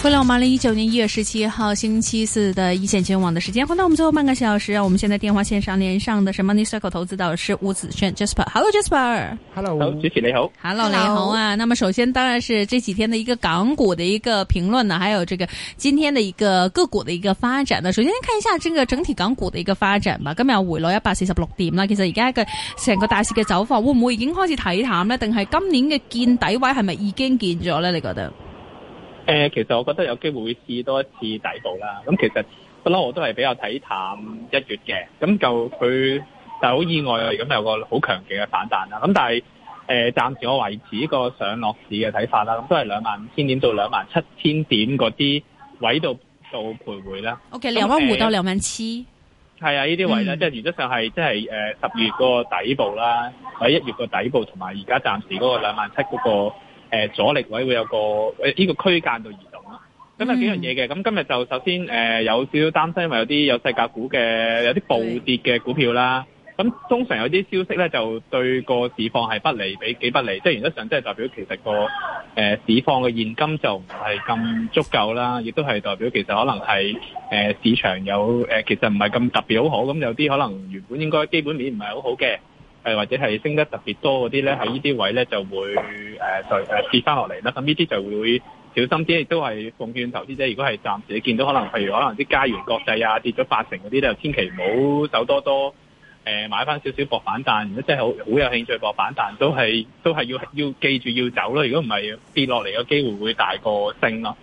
歡迎到我們二零一九年一月十七號星期四的一線金融網的時間，回到我們最後半個小時，啊我們現在電話線上連上的是 Money Circle 投資導師吳子軒 Jasper。Hello Jasper，Hello，主持人你好，Hello, Hello. 你好啊。那麼首先當然是這幾天的一個港股的一個評論呢，還有這個今天的一個個股的一個發展呢。首先先看一下這個整體港股的一個發展吧，今日回落一百四十六點啦。其實而家個整個大市的走法會不會已經開始睇淡呢定係今年嘅見底位係咪已經見咗呢你覺得？誒、呃，其實我覺得有機會會試多一次底部啦。咁、嗯、其實不嬲，我都係比較睇淡一月嘅。咁、嗯、就佢、嗯，但係好意外呀，咁有個好強勁嘅反彈啦。咁但係誒，暫時我維持一個上落市嘅睇法啦。咁、嗯、都係兩萬五千點到兩萬七千點嗰啲位度做徘徊啦。O K，兩萬五到兩萬七，係、嗯、啊，呢啲位置呢啲位啦，即係原則上係即係誒十月個底部啦，或者、嗯、一月個底部同埋而家暫時嗰個兩萬七嗰、那個。誒、呃、阻力位會有個呢、呃這個區間度移動啦，咁有幾樣嘢嘅。咁、嗯、今日就首先誒、呃、有少少擔心，因為有啲有細價股嘅，有啲暴跌嘅股票啦。咁對通常有啲消息咧，就對個市況係不利，比幾不利，即係原則上即係代表其實個、呃、市況嘅現金就唔係咁足夠啦，亦都係代表其實可能係、呃、市場有、呃、其實唔係咁特別好好。咁有啲可能原本應該基本面唔係好好嘅。誒、呃、或者係升得特別多嗰啲咧，喺呢啲位咧就會誒就誒跌翻落嚟啦。咁呢啲就會小心啲，亦都係奉勸投資者。如果係暫時你見到可能譬如可能啲佳源國際啊跌咗八成嗰啲，就千祈唔好走多多。誒、呃、買翻少少博反彈。如果真係好好有興趣博反彈，都係都係要要記住要走咯。如果唔係跌落嚟嘅機會會大過升咯。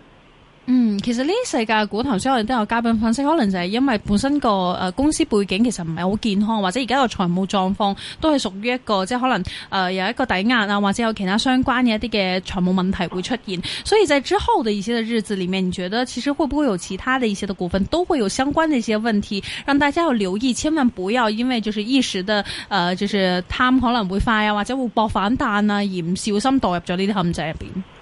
嗯，其實呢世界股頭先我哋都有嘉賓分析，可能就係因為本身個誒、呃、公司背景其實唔係好健康，或者而家個財務狀況都係屬於一個即係可能誒、呃、有一個抵押啊，或者有其他相關嘅一啲嘅財務問題會出現。所以在之後的一些嘅日子裏面，你覺得其實會不會有其他的一些嘅股份都會有相關的一些問題，讓大家要留意，千萬不要因為就是一時的誒、呃，就是貪可能會快啊，或者會搏反彈啊，而唔小心墮入咗呢啲陷阱入邊。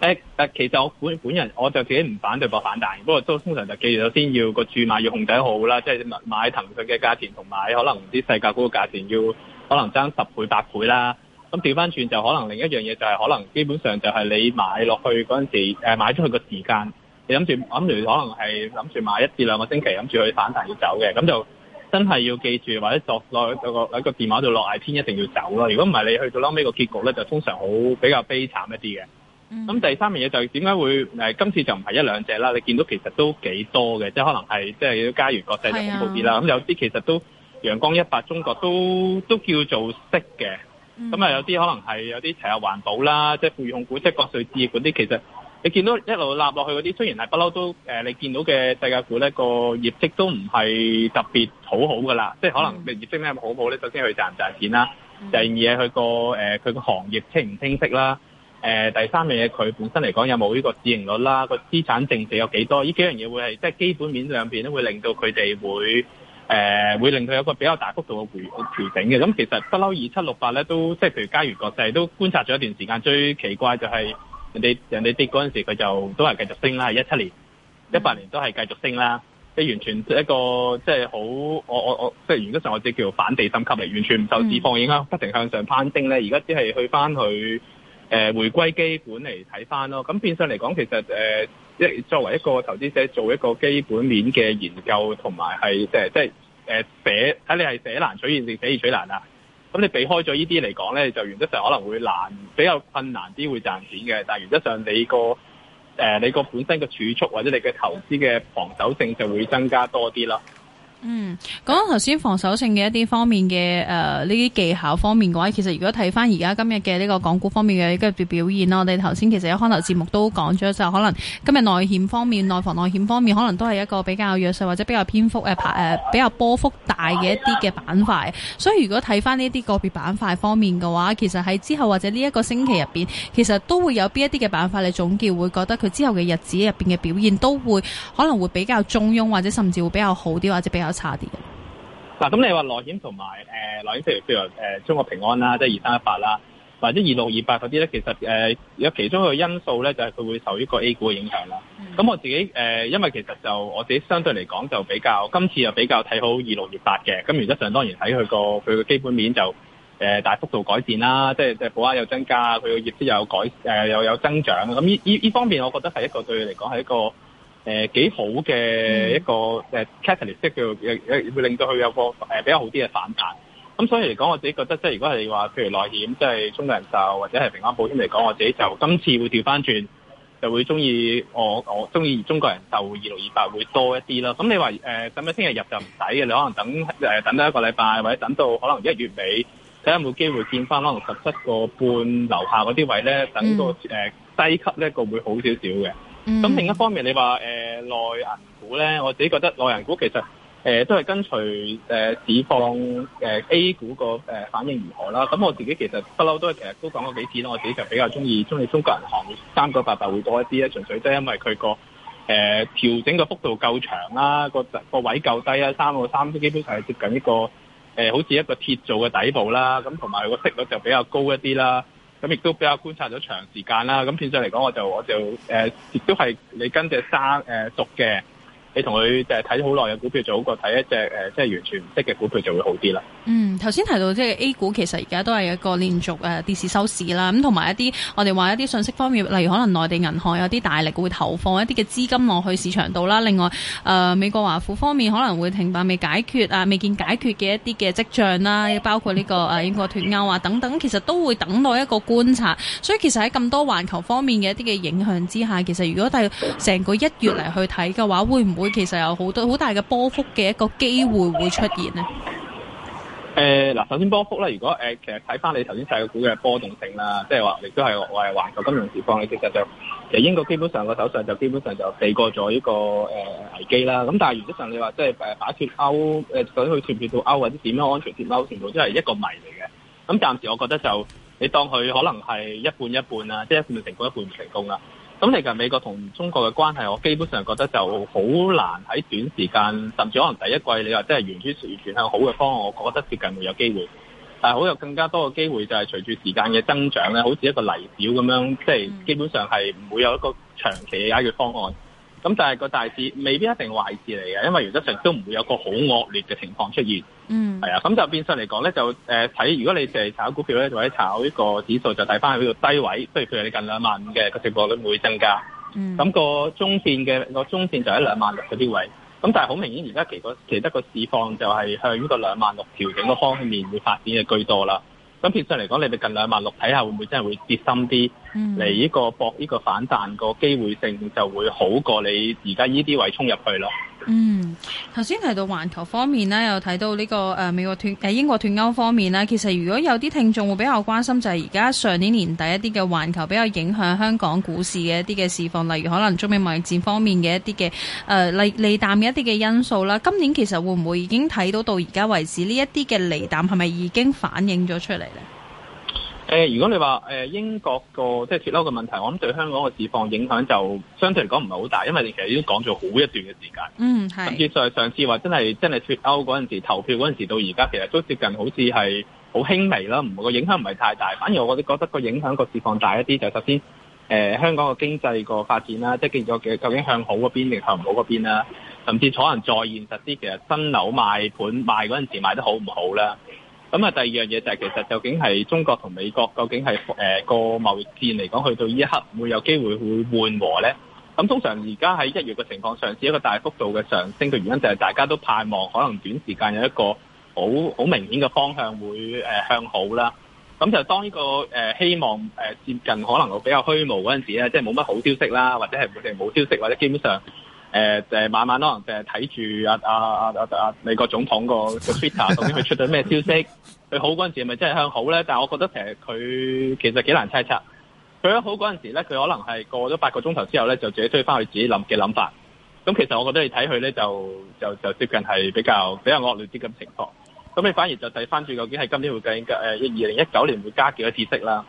誒誒，其實我本本人我就自己唔反對博反彈，不過都通常就記住，首先要個注碼要控制好啦。即係買騰訊嘅價錢，同埋可能唔知細價股嘅價錢，要可能爭十倍八倍啦。咁調翻轉就可能另一樣嘢就係可能基本上就係你買落去嗰陣時，誒買出去個時間，你諗住諗住可能係諗住買一至兩個星期，諗住去反彈要走嘅咁，就真係要記住，或者作落個喺個電話度落 I 篇一定要走啦。如果唔係你去到撈尾個結局咧，就通常好比較悲慘一啲嘅。咁、嗯、第三樣嘢就點解會今次就唔係一兩隻啦？你見到其實都幾多嘅，即係可能係即係啲家園國際就好好啲啦。咁、啊、有啲其實都陽光一百中國都都叫做識嘅。咁啊、嗯、有啲可能係有啲齊下環保啦，即係富裕控股、即係國瑞置業啲。其實你見到一路納落去嗰啲，雖然係不嬲都、呃、你見到嘅細價股咧個業績都唔係特別好好㗎啦。嗯、即係可能業績咧好好咧，首先佢賺唔賺錢啦，嗯、第二嘢佢個佢個行業清唔清晰啦。誒、呃、第三樣嘢，佢本身嚟講有冇呢個市盈率啦？資政治個資產淨值有幾多？呢幾樣嘢會係即係基本面兩邊都會令到佢哋會誒、呃、會令佢有一個比較大幅度嘅回調整嘅。咁、嗯、其實不嬲，二七六八咧都即係譬如佳源國際都觀察咗一段時間，最奇怪就係人哋人哋跌嗰陣時，佢就都係繼續升啦。一七年、一八、嗯、年都係繼續升啦，即係完全一個即係好我我我即係原家上我哋叫做反地心吸力，完全唔受市況影響，嗯、不停向上攀升咧。而家只係去翻佢。誒回歸基本嚟睇返咯，咁變相嚟講，其實誒一作為一個投資者，做一個基本面嘅研究，同埋係即係即係誒寫睇你係寫難取易定寫易取難啊？咁你避開咗呢啲嚟講咧，就原則上可能會難比較困難啲，會賺錢嘅。但原則上你個誒你個本身嘅儲蓄或者你嘅投資嘅防守性就會增加多啲咯。嗯，講到頭先防守性嘅一啲方面嘅誒呢啲技巧方面嘅話，其實如果睇翻，而家今日嘅呢個港股方面嘅嘅表表現啦，我哋頭先其實一開頭節目都講咗，就可能今日內險方面、內房內險方面，可能都係一個比較弱勢或者比較偏幅誒排誒比較波幅大嘅一啲嘅板塊。所以如果睇翻呢啲個別板塊方面嘅話，其實喺之後或者呢一個星期入邊，其實都會有邊一啲嘅板塊你總結會覺得佢之後嘅日子入邊嘅表現都會可能會比較中庸，或者甚至會比較好啲，或者比較。差啲。嗱，咁你話內險同埋誒，內險譬如譬如誒，中國平安啦，即係二三一八啦，或者二六二八嗰啲咧，其實誒，有、呃、其中一個因素咧，就係、是、佢會受呢個 A 股嘅影響啦。咁、嗯、我自己誒、呃，因為其實就我自己相對嚟講就比較今次又比較睇好二六二八嘅。咁原則上當然睇佢個佢嘅基本面就誒、呃、大幅度改善啦，即係即係保額又增加，佢個業績又改、呃、有改誒又有增長。咁呢依依方面，我覺得係一個對佢嚟講係一個。誒幾、呃、好嘅一個 catalyst，即係會令到佢有個比較好啲嘅反彈。咁所以嚟講，我自己覺得即係如果係話譬如內險，即係中國人壽或者係平安保險嚟講，我自己就今次會調翻轉，就會中意我我中意中國人壽二六二八會多一啲啦。咁你話誒，咁樣聽日入就唔使嘅，你可能等、呃、等到一個禮拜，或者等到可能一月尾睇下有冇機會見翻十七個半樓下嗰啲位咧，等個誒低級呢個會好少少嘅。咁、嗯、另一方面你，你話誒內銀股咧，我自己覺得內銀股其實誒、呃、都係跟隨誒、呃、市況誒、呃、A 股個誒、呃、反應如何啦。咁我自己其實不嬲都係其實都講過幾次啦，我自己就比較中意中意中國銀行三個八八會多一啲咧，純粹都係因為佢個誒調整個幅度夠長啦，個個位夠低啦，三個三都基本上係接近一個誒、呃、好似一個鐵做嘅底部啦。咁同埋個息率就比較高一啲啦。咁亦都比較觀察咗長時間啦，咁變相嚟講，我就我就誒，亦、呃、都係你跟隻山誒讀嘅。呃你同佢就係睇好耐嘅股票，就好過睇一隻誒、呃，即係完全唔識嘅股票，就會好啲、嗯呃、啦。嗯，頭先提到即係 A 股，其實而家都係一個連續誒跌市收市啦。咁同埋一啲我哋話一啲信息方面，例如可能內地銀行有啲大力會投放一啲嘅資金落去市場度啦。另外，誒、呃、美國華府方面可能會停板，未解決啊，未見解決嘅一啲嘅跡象啦，包括呢、這個誒、啊、英國脱歐啊等等，其實都會等待一個觀察。所以其實喺咁多環球方面嘅一啲嘅影響之下，其實如果睇成個一月嚟去睇嘅話，會唔會其實有好多好大嘅波幅嘅一個機會會出現呢，誒嗱，首先波幅咧，如果誒、呃、其實睇翻你頭先細個股嘅波動性啦，即係話亦都係我係環球金融時況，你其實就其實英國基本上個首相就基本上就避過咗呢個誒危機啦。咁但係原則上你話即係誒擺脱歐，誒，究竟佢脱唔脱歐或者點樣安全脱歐，全部都係一個謎嚟嘅。咁暫時我覺得就你當佢可能係一半一半啦，即、就、係、是、一半成功一半唔成功啦。咁嚟緊美國同中國嘅關係，我基本上覺得就好難喺短時間，甚至可能第一季你話即係完全轉向好嘅方案，我覺得接近會有機會。但係好有更加多嘅機會，就係隨住時間嘅增長咧，好似一個泥沼咁樣，即係基本上係唔會有一個長期嘅解決方案。咁但係個大市未必一定壞事嚟嘅，因為原則上都唔會有個好惡劣嘅情況出現。嗯，係啊，咁就變相嚟講咧，就誒睇、呃，如果你淨係炒股票咧，或者炒呢個指數，就睇翻去呢個低位，譬如譬如你近兩萬五嘅個升幅率會唔會增加？嗯，咁個中綫嘅、那個中綫就喺兩萬六嗰啲位。咁、嗯、但係好明顯，而家其他個其得個市況就係向呢個兩萬六調整個方面去發展嘅居多啦。咁變相嚟講，你哋近兩萬六，睇下會唔會真係會跌深啲嚟，呢個博呢個反彈個機會性就會好過你而家呢啲位衝入去咯。嗯，頭先提到環球方面咧，又睇到呢、這個誒、呃、美國脫英國脫歐方面咧。其實如果有啲聽眾會比較關心，就係而家上年年底一啲嘅環球比較影響香港股市嘅一啲嘅事況，例如可能中美貿易戰方面嘅一啲嘅誒利淡嘅一啲嘅因素啦。今年其實會唔會已經睇到到而家為止呢一啲嘅利淡係咪已經反映咗出嚟呢？如果你話英國個即係脱歐嘅問題，我諗對香港個市況影響就相對嚟講唔係好大，因為你其實已經講咗好一段嘅時間。嗯，係甚至上上次話真係真係脱歐嗰陣時、投票嗰陣時到而家，其實都接近好似係好輕微啦，唔，個影響唔係太大。反而我覺得覺得個影響個市況大一啲，就首先、呃、香港個經濟個發展啦，即係見咗究竟向好嗰邊定向唔好嗰邊啦。甚至可能再現實啲，其實新樓賣盤賣嗰陣時賣得好唔好啦。咁啊，第二樣嘢就係其實究竟係中國同美國究竟係個貿易戰嚟講，去到呢一刻會有機會會緩和咧？咁通常而家喺一月嘅情況，上次，一個大幅度嘅上升嘅原因，就係大家都盼望可能短時間有一個好好明顯嘅方向會向好啦。咁就當呢個希望誒接近可能會比較虛無嗰陣時咧，即係冇乜好消息啦，或者係冇定冇消息，或者基本上。誒、呃，就係、是、慢慢咯、啊，就係睇住阿阿阿阿阿美國總統個個 Twitter，究竟佢出咗咩消息？佢 好嗰陣時，係咪真係向好咧？但係我覺得其實佢其實幾難猜測。佢一好嗰陣時咧，佢可能係過咗八個鐘頭之後咧，就自己推翻去自己諗嘅諗法。咁其實我覺得你睇佢咧，就就就接近係比較比較惡劣啲咁情況。咁你反而就睇翻住，究竟係今年會加誒，二零一九年會加幾多次息啦。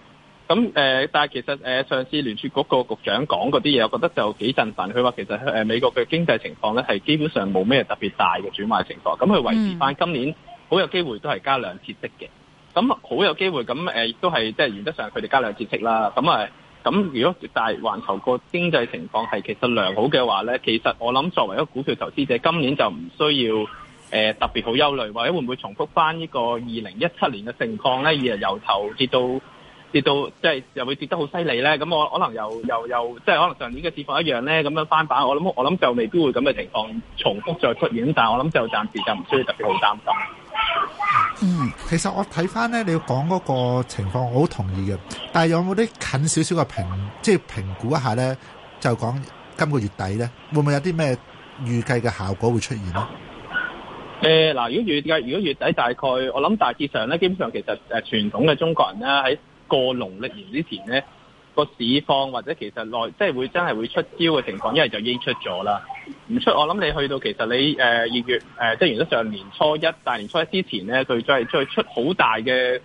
咁誒、呃，但係其實誒、呃、上次聯儲局個局，局長講嗰啲嘢，我覺得就幾振奮。佢話其實、呃、美國嘅經濟情況咧，係基本上冇咩特別大嘅轉賣情況，咁佢維持翻今年好有機會都係加兩節息嘅，咁好有機會咁亦、呃、都係即係原則上佢哋加兩節息啦。咁啊，咁如果大環球個經濟情況係其實良好嘅話咧，其實我諗作為一個股票投資者，今年就唔需要、呃、特別好憂慮，或者會唔會重複翻呢個二零一七年嘅盛況咧？而係由頭至到。跌到即係又會跌得好犀利咧，咁我可能又又又即係可能上年嘅市況一樣咧，咁樣翻版。我諗我諗就未必會咁嘅情況重複再出現，但係我諗就暫時就唔需要特別好擔心。嗯，其實我睇翻咧，你要講嗰個情況，我好同意嘅。但係有冇啲近少少嘅評，即係評估一下咧，就講今個月底咧，會唔會有啲咩預計嘅效果會出現咧？誒嗱、呃，如果預計，如果月底大概，我諗大致上咧，基本上其實誒傳統嘅中國人咧喺。在過農曆年之前咧，個市況或者其實內即係會真係會出招嘅情況，因為就已經出咗啦。唔出，我諗你去到其實你誒二月誒，即係原則上年初一、大年初一之前咧，佢再再出好大嘅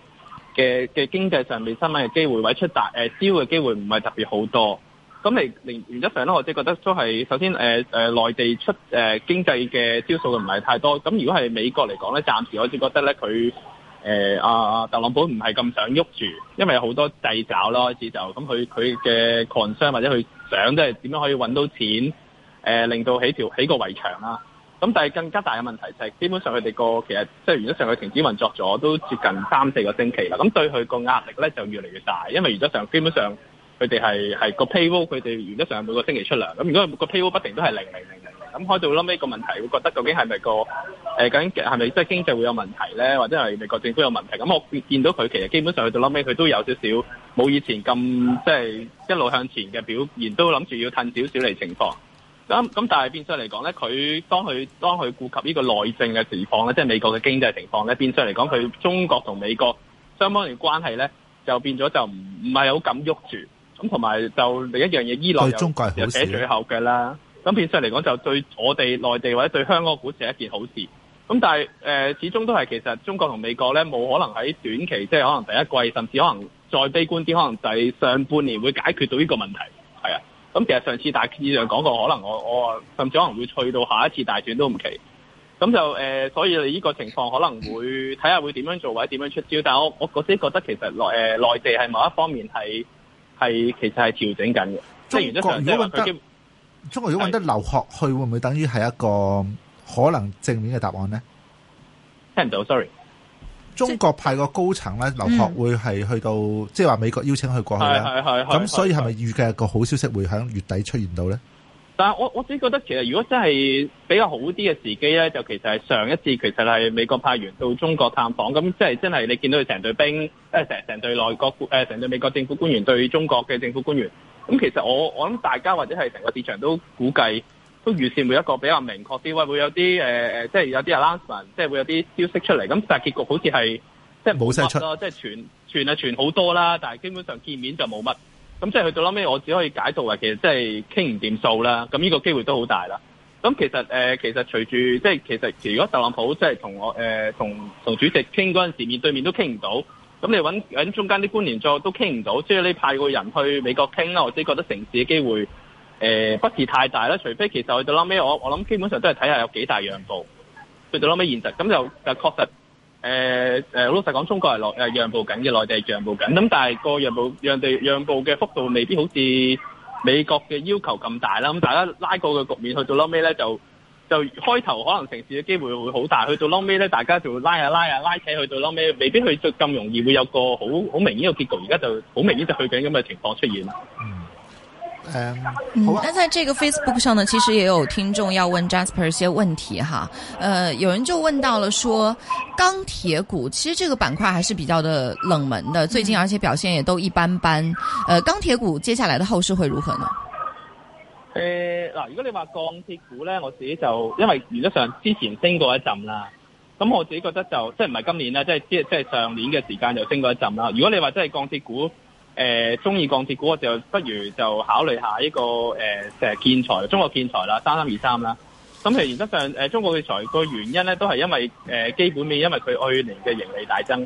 嘅嘅經濟上面新聞嘅機會，或者出大誒招嘅機會唔係特別好多。咁嚟原則上咧，我哋覺得都係首先誒、呃、內地出誒、呃、經濟嘅招數嘅唔係太多。咁如果係美國嚟講咧，暫時我只覺得咧佢。誒啊、呃！特朗普唔係咁想喐住，因為有好多掣肘咯，開始就咁佢佢嘅 concern 或者佢想即係點樣可以揾到錢，誒、呃、令到起條起個圍牆啦。咁但係更加大嘅問題就係，基本上佢哋個其實即係原則上佢停止運作咗都接近三四個星期啦。咁對佢個壓力咧就越嚟越大，因為原則上基本上佢哋係係個 payroll 佢哋原則上每個星期出糧，咁如果個 payroll 不停都係零零零零。咁開到到後尾個問題，會覺得究竟係咪個誒係咪即係經濟會有問題咧，或者係美國政府有問題？咁我見到佢其實基本上去到後尾，佢都有少少冇以前咁即係一路向前嘅表現，都諗住要褪少少嚟情況。咁咁但係變相嚟講咧，佢當佢當佢顧及呢個內政嘅情況咧，即係美國嘅經濟情況咧，變相嚟講，佢中國同美國相幫嘅關係咧，就變咗就唔唔係好咁喐住。咁同埋就另一樣嘢，依賴中國寫最後嘅啦。咁變相嚟講就對我哋內地或者對香港股市係一件好事。咁但係誒、呃，始終都係其實中國同美國咧冇可能喺短期，即係可能第一季，甚至可能再悲觀啲，可能就係上半年會解決到呢個問題。係啊。咁其實上次大市場講過，可能我我甚至可能會去到下一次大選都唔奇。咁就誒、呃，所以呢個情況可能會睇下會點樣做或者點樣出招。但我我嗰陣覺得其實內、呃、內地係某一方面係係其實係調整緊嘅。中國即係原則上。中國如果揾得劉鶴去，是會唔會等於係一個可能正面嘅答案呢？聽唔到，sorry。中國派個高層咧劉鶴，即會係去到、嗯、即係話美國邀請佢過去啦。咁、啊、所以係咪預計個好消息會喺月底出現到咧？但係我我自己覺得其實如果真係比較好啲嘅時機咧，就其實係上一次其實係美國派員到中國探訪，咁即係真係你見到佢成隊兵，成、呃、成隊內閣成、呃、隊美國政府官員對中國嘅政府官員。咁其實我我諗大家或者係成個市場都估計都預算會一個比較明確啲，喂會有啲、呃、即係有啲 announcement 即係會有啲消息出嚟。咁但係結局好似係即係冇乜咯，即係傳傳啊傳好多啦，但係基本上見面就冇乜。咁即係去到臨尾，我只可以解讀話其實即係傾唔掂數啦。咁呢個機會都好大啦。咁其實、呃、其實隨住即係其實如果特朗普即係、呃、同我同同主席傾嗰陣時面對面都傾唔到。咁你揾揾中間啲官員再都傾唔到，即係你派個人去美國傾啦。我自己覺得城市嘅機會誒、呃、不是太大啦，除非其實去到撈尾，我我諗基本上都係睇下有幾大讓步。去到撈尾現實，咁就，就確實誒誒、呃、老實講，中國係內讓步緊嘅，內地係讓步緊。咁但係個讓步、讓地、讓步嘅幅度未必好似美國嘅要求咁大啦。咁大家拉過嘅局面去到撈尾咧就。就開頭可能城市嘅機會會好大，去到撈尾咧，大家就會拉呀拉呀，拉扯，去到撈尾未必去得咁容易會有個好好明顯嘅結局。而家就好明顯就去緊咁嘅情況出現。嗯，啊。嗯，那、嗯、在這個 Facebook 上呢，其實也有聽眾要問 Jasper 一些問題哈。呃，有人就問到了說，說鋼鐵股其實這個板塊還是比較的冷門的，最近而且表現也都一般般。呃，鋼鐵股接下來的後市會如何呢？誒，嗱、呃，如果你話鋼鐵股咧，我自己就因為原則上之前升過一陣啦，咁我自己覺得就即係唔係今年啦，即係即係即係上年嘅時間就升過一陣啦。如果你話真係鋼鐵股，誒、呃，中意鋼鐵股，我就不如就考慮下呢個誒、呃，建材、中國建材啦，三三二三啦。咁其實原則上，誒、呃，中國建材個原因咧，都係因為誒、呃，基本面，因為佢去年嘅盈利大增，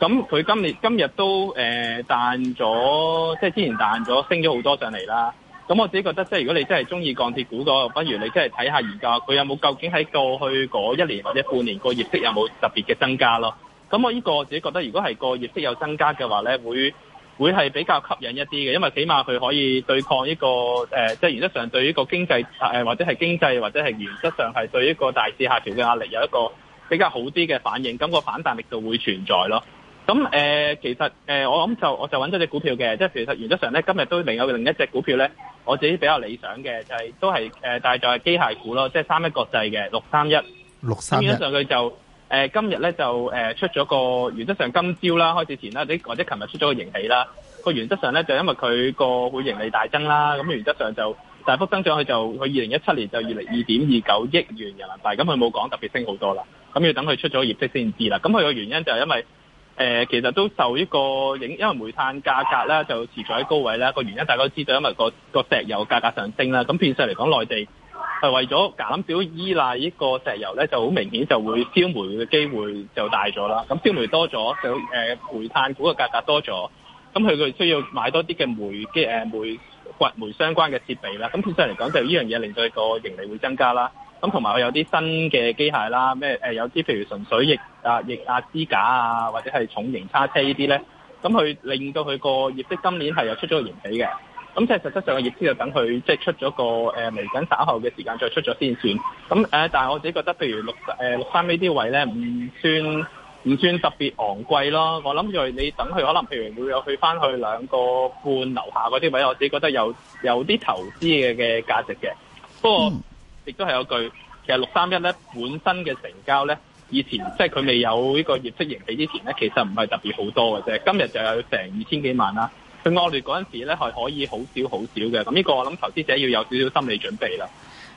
咁佢今年今日都誒彈咗，即係之前彈咗，升咗好多上嚟啦。咁我自己覺得，即係如果你真係中意鋼鐵股個，不如你真係睇下而家佢有冇究竟喺過去嗰一年或者半年個業績有冇特別嘅增加咯。咁我呢個我自己覺得，如果係個業績有增加嘅話咧，會會係比較吸引一啲嘅，因為起碼佢可以對抗呢個即係、呃即係、原則上對於個經濟、呃、或者係經濟或者係原則上係對一個大市下調嘅壓力有一個比較好啲嘅反應，咁個反彈力度會存在咯。咁誒、呃，其實誒、呃，我諗就我就揾咗隻股票嘅，即係其實原則上咧，今日都另有另一隻股票咧，我自己比較理想嘅就係都係誒帶在機械股咯，即係三一國際嘅六三一。六三一上，佢就誒今日咧就誒出咗個原則上今朝啦，開始前啦，或者琴日出咗個盈喜啦。個原則上咧就因為佢個會盈利大增啦，咁原則上就大幅增長，佢就佢二零一七年就二零二點二九億元人民幣，咁佢冇講特別升好多啦，咁要等佢出咗業績先知啦。咁佢個原因就係因為。誒、呃，其實都受呢個影，因為煤炭價格咧就持續喺高位咧。個原因大家都知道，因為個個石油價格上升啦。咁變相嚟講，內地係為咗減少依賴呢個石油咧，就好明顯就會燒煤嘅機會就大咗啦。咁燒煤多咗，就誒、呃、煤炭股嘅價格多咗，咁佢哋需要買多啲嘅煤嘅誒煤、掘煤、煤相關嘅設備啦。咁變相嚟講，就呢樣嘢令到佢個盈利會增加啦。咁同埋佢有啲新嘅機械啦，咩、呃、有啲譬如純水液、啊、液壓液壓支架啊，或者係重型叉車呢啲咧，咁佢令到佢個業績今年係有出咗個年比嘅，咁即係實質上個業績就等佢即係出咗個誒嚟緊稍後嘅時間再出咗先算。咁、呃、但係我自己覺得，譬如六十、呃、六三呢啲位咧，唔算唔算特別昂貴咯。我諗住你等佢可能譬如會有去翻去兩個半樓下嗰啲位，我自己覺得有有啲投資嘅嘅價值嘅，不過，嗯亦都係有句，其實六三一咧本身嘅成交咧，以前即係佢未有呢個業績盈喜之前咧，其實唔係特別好多嘅啫。今日就有成二千幾萬啦。佢惡劣嗰陣時咧係可以好少好少嘅，咁呢個我諗投資者要有少少心理準備啦。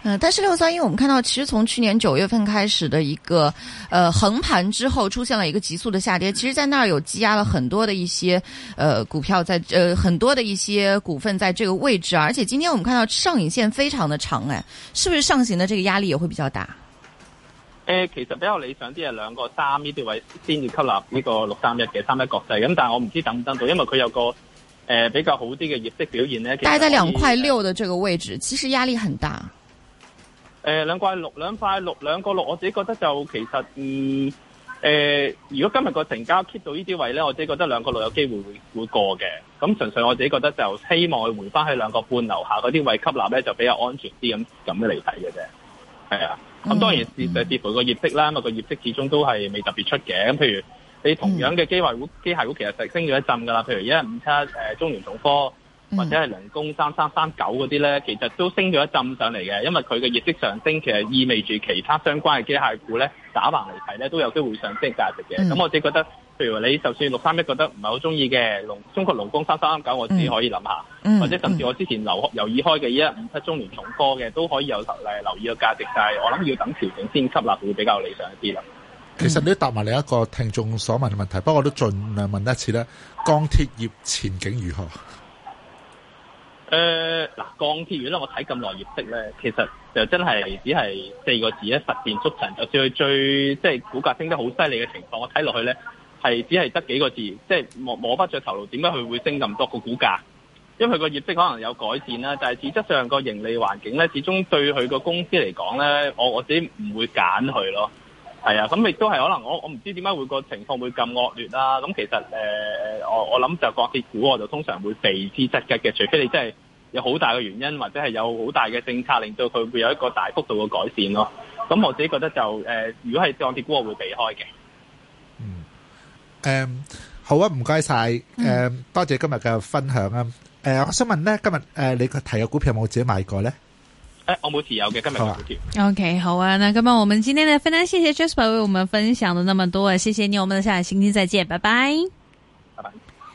嗯，但是六三一，我們看到其實從去年九月份開始的一個呃橫盤之後，出現了一個急速的下跌。其實，在那兒有積壓了很多的一些呃股票在呃很多的一些股份在這個位置。而且今天我們看到上影線非常的長，欸，哎，是不是上行的這個壓力也會比較大？誒、呃，其實比較理想啲係兩個三呢啲位先要吸納呢個六三一嘅三一國際咁，嗯，但係我唔知等唔等到，因為佢有個誒、呃、比較好啲嘅業績表現咧。其實可以大概在兩塊六的這個位置，其實壓力很大。誒，兩塊、呃、六，兩塊六，兩個六，我自己覺得就其實，嗯，誒、呃，如果今日個成交 keep 到呢啲位咧，我自己覺得兩個六有機會會會過嘅。咁純粹我自己覺得就希望回翻去兩個半樓下嗰啲位吸納咧，就比較安全啲咁咁嘅嚟睇嘅啫。係啊，咁當然是，是誒、mm，hmm. 似乎個業績啦，咁啊個業績始終都係未特別出嘅。咁譬如你同樣嘅機械股，機、mm hmm. 械股其實就升咗一陣噶啦。譬如一五七，誒，中聯重科。或者係龍工三三三九嗰啲咧，其實都升咗一陣上嚟嘅，因為佢嘅業績上升，其實意味住其他相關嘅機械股咧打橫嚟睇咧都有機會上升價值嘅。咁、嗯、我只覺得，譬如你就算六三一覺得唔係好中意嘅中國龍工三三三九，我自己可以諗下，嗯、或者甚至我之前留留意、嗯、開嘅一五七中聯重科嘅都可以有留意個價值，但係我諗要等調整先吸納會比較理想一啲啦。嗯、其實你都答埋另一個聽眾所問嘅問題，不過我都盡量問一次啦：鋼鐵業前景如何？誒嗱、呃，鋼鐵業咧，我睇咁耐業績咧，其實就真係只係四個字咧，實現縮成，就算佢最即係股價升得好犀利嘅情況，我睇落去咧係只係得幾個字，即係摸摸不着頭腦。點解佢會升咁多個股價？因為佢個業績可能有改善啦，但係事實上個盈利環境咧，始終對佢個公司嚟講咧，我我自己唔會揀佢咯。係啊，咁、嗯、亦都係可能我我唔知點解會個情況會咁惡劣啦、啊。咁、嗯、其實誒、呃，我我諗就鋼鐵股我就通常會避之則吉嘅，除非你真係有好大嘅原因或者係有好大嘅政策令到佢會有一個大幅度嘅改善咯、啊。咁、嗯、我自己覺得就誒、呃，如果係鋼鐵股，我會避開嘅、嗯。嗯。誒，好啊，唔該晒。誒，多謝今日嘅分享啊。誒、呃，我想問咧，今日誒、呃，你個提嘅股票有冇自己買過咧？我 O K，好啊，那咁啊，我們今天的分享，非常謝謝 Jasper 為我們分享的那麼多，謝謝你，我們的下個星期再見，拜拜，拜拜。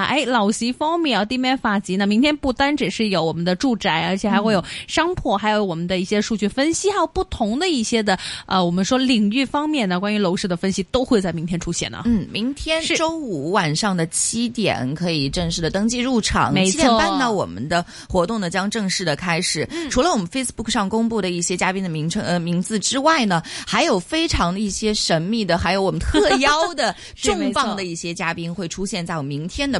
哎，老席，方便啊？地面發集呢？明天不單只是有我們的住宅，而且還會有商鋪，還有我們的一些數據分析，還有不同的一些的呃，我們說領域方面呢，關於樓市的分析都會在明天出現呢。嗯，明天周五晚上的七點可以正式的登記入場。是七點半呢，我們的活動呢將正式的開始。錯除了我們 Facebook 上公布的一些嘉賓的名稱呃名字之外呢，還有非常的一些神秘的，還有我們特邀的 是重磅的一些嘉賓會出現在我明天的。